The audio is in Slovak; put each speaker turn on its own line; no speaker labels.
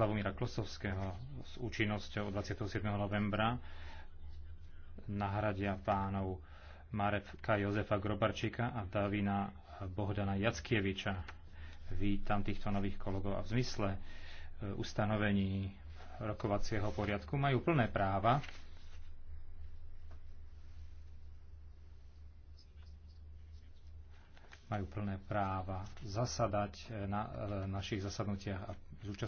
Slavomíra Klosovského s účinnosťou 27. novembra nahradia pánov Marevka Jozefa Grobarčíka a Davina Bohdana Jackieviča. Vítam týchto nových kolegov a v zmysle e, ustanovení rokovacieho poriadku majú plné práva majú plné práva zasadať e, na e, našich zasadnutiach a zúčastniť